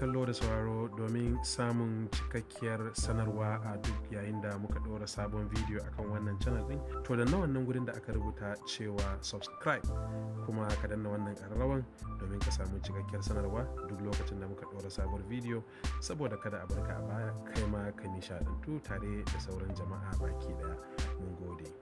kallo da sauraro domin samun cikakkiyar sanarwa a duk yayin da muka ɗora sabon bidiyo akan wannan channel ɗin to da na wannan gurin da aka rubuta cewa subscribe kuma ka danna wannan ƙararrawan domin ka samu cikakkiyar sanarwa duk lokacin da muka ɗora sabon bidiyo saboda kada a barka a baya kai ma ka nishaɗantu tare da sauran jama'a baki ɗaya mun gode.